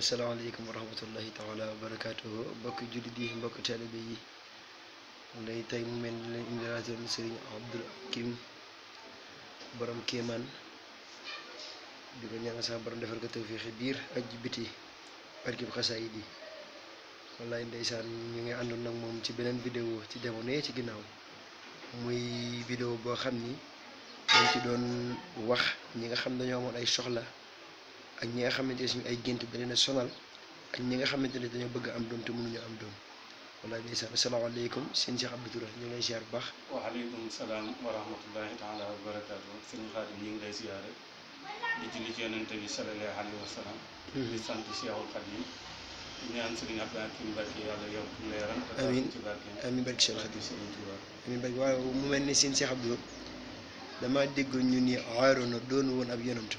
asalaamaaleykum wa rahmatullahi taala wa barakaatuhu mbokki jullit yi mbokki taalibe yi nday tey mu mel ni leen indilaatoon sëriñ Abdul Hakim borom kéemaan di ko ñaanal sax borom defar ko tawfiixi biir ak jibiti biti barkib xasaayid yi wallaay ndeysaan ñu ngi àndoon nag moom ci beneen vidéo ci jamono ci ginnaaw muy vidéo boo xam ni dañ ci doon wax ñi nga xam dañoo amoon ay soxla ak ñi nga xamante ne ay gént da leen sonal ak ñi nga xamante ne dañoo bëgg am doom te mënuñu am doom wallaahi ndeysaan asalaamaaleykum seen Cheikh Abdou Touré ñu ngi lay bu baax. waaleykum salaam wa rahmatullaahi taala wa barakaatu sëñ Xaadim ñu ngi lay ziare di julli ci yonente bi salallaahu alayhi wa hmm. waaw mu mel ni seen Cheikh Abdou dama dégg ñu ni aaroon na doon woon ab yonantu.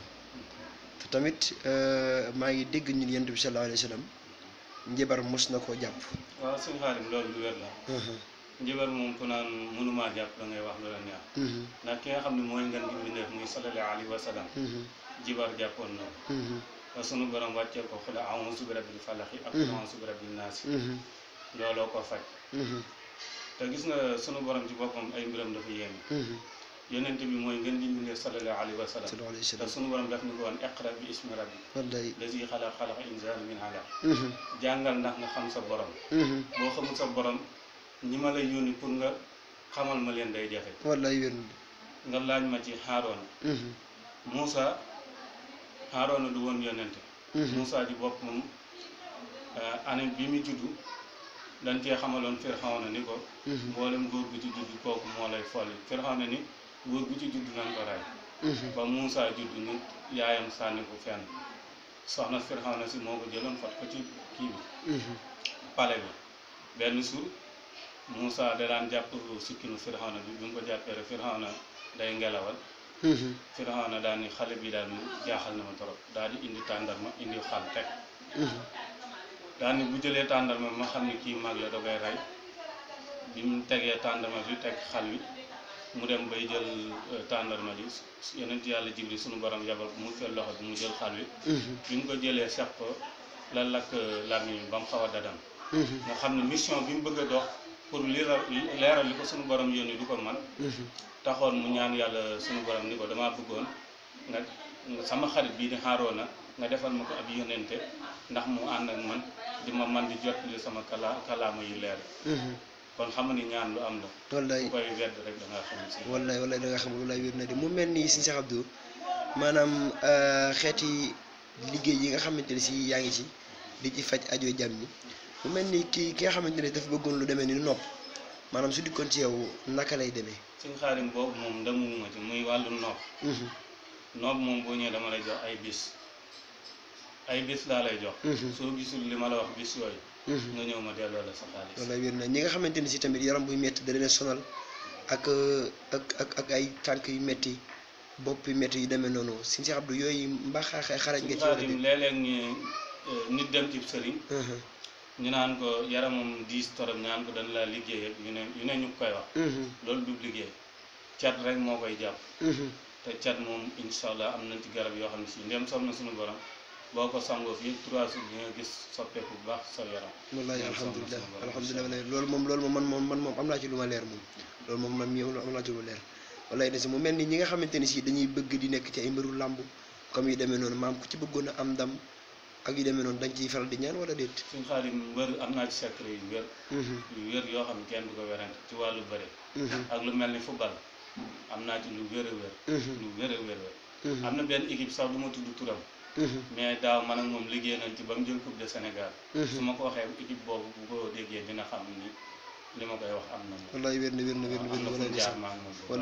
tamit euh, maa ngi dégg ñun yonent bi sallallahu alayhi wa sallam mos na koo jàpp. waaw suñu xaalim loolu lu wér la. Uh-huh. njibar moom ku naan mënumaa jàpp da ngay wax lu la neex. Uh-huh. ndax ki nga xam ne mooy ngeen di bindee muy sallallahu alayhi wa sallam. Uh-huh. jibar jàppoon na ko. ba sunu borom wàccee ko xula a'uuzu bi rabbil falaqi bi rabbin naasi. looloo ko faj. te gis nga sunu borom ci boppam ay mbiram dafa yéeme. yonent bi mooy ngeen di mbindee sallallahu alayhi wa sallam. sallallahu alayhi wa sallam te sunu borom daf ñu ko woon bi ismi rabbi. wallaay lazi xalaq xalaq insaana min alaq. Mhm. jàngal ndax nga xam sa borom. Mhm. boo xamul sa borom ñi ma lay yónni pour nga xamal ma leen day jafe. wallaay wér nga laaj ma ci Haaruna. Moussa mhm. Haaruna du woon yonent. Moussa ji bopp moom euh, année bi mu juddu. dañ cee xamaloon Firxaw na ni ko. mboolem góor bi ci juddu kooku moo lay folli Firxaw na ni. góor bu ci judd nañ ko rey mhm. ba Moussa judd ñu yaayam sànni ko fenn soxna Firawna si moo ko jëloon fat ko ci kii bi mhm. pale bi benn suur Moussa da daan jàpp sikkinu Firawna bi bi mu ko jàppee rek Firawna day ngelawal mhm. Firawna daan ni xale bi daal mu jaaxal na ma torop daal di indi tàndarma indi xal teg daan ni bu jëlee tàndarma ma xam ne kii mag la da koy rey bi mu tegee tàndarma bi teg xal wi mu dem bay jël euh, tàndarma ji yonent yàlla jibril suñu borom yabal ko mu feel loxo bi mu jël xal wi mhm. bi mu ko jëlee seq ko la lakk euh, làmmiñ ba mu xaw a dadam mhm. nga xam ne mission bi mu bëgg a dox pour leeral li ko suñu borom yónni du ko man mhm. taxoon mu ñaan yàlla suñu borom ni ko damaa bëggoon nga sama xarit bii di Haaruna nga defal ma ko ab yónnente ndax mu ànd ak man di ma man di jot li sama kala kalaama yi leer kon xam nga ni ñaan lu am la. wallaay ku koy wedd rek da ngaa xamul si. wallaay wallaay da ngaa xamul wallaay wér na de mu mel nii si Cheikh Abdou maanaam euh, xeeti liggéey yi nga xamante ni si yaa ngi ci di ci faj ajo jàmm yi mu mel ni ki ki nga xamante ne dafa bëggoon lu demee ni nopp maanaam su dikkoon ci yow naka lay demee. suñu xaarim boobu moom demuma ci muy wàllu nopp. Mhm. nopp moom boo ñëwee dama lay jox ay bis ay bis laa lay jox. Mhm. soo gisul li ma la wax bis yooyu. Mhm. nga ñëw ma delloo la sa xaalis. loolu wér na ñi nga xamante ni si tamit yaram buy métti da leen sonal ak ak ak ak ay tànk yu métti bopp yu métti yu demee noonu si si Abdou yooyu mbaa xarañ nga ci. wala léeg-léeg ñu euh, nit dem ci mhm. ñu naan ko yaramam diis torop naan ko laa liggéey ñu ne ñu ne ñu koy wax. Mhm. loolu du liggéey cat rek moo koy jàpp. te cat moom incha am na ci garab yoo xam ne si ndem na suñu borom. boo ko sangoo fii trois jours yi nga gis soppeeku bu baax sa yaram. wallaahi alhamdulilah alhamdulilah loolu moom loolu moom man moom man moom am naa ci lu ma leer moom. loolu moom man mii am naa ci lu ma mu ni ñi nga xamante ni si dañuy bëgg di nekk ci ay mbiru làmb comme yu noonu maam ku ci bëggoon a am ndam ak yu demee noonu dañ ciy faral di ñaan wala déet. suñu xaalis mbër am naa ci secret yu wér. Mhm. yu wér yoo xam ne kenn du ko werante ci wàllu bëre. Mhm. ak lu ni football am naa ci lu wér a wér. Mhm. lu wér a wér. ma tudd turam Mm-hmm. mais daaw man ak moom liggéey nañ ci ba mu jël coupe de Sénégal. Mm-hmm. su ma ko waxee boobu bu ko déggee dina xam ni li ma koy wax am na. wallaay wér na wér na wér na wér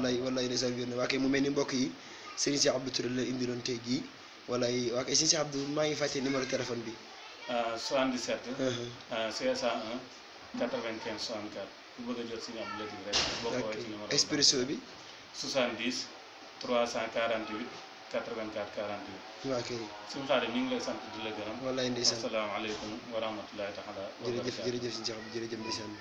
na walaay des waa kay mu mel ni mbokk yi Serigne Cheikh Abdou Touré la indiloon tey maa ngi fàtte numéro téléphone bi. 77. 501 95 64 ku bëgg a jot Serigne Abdou Latif rek. 84 48. waaw kay. suñu xaadim ñu ngi lay sant di la gërëm. wallaay ndeysaan asalaamaaleykum wa rahmatulahi taala. jërëjëf jërëjëf si jërëjëf ndeysaan.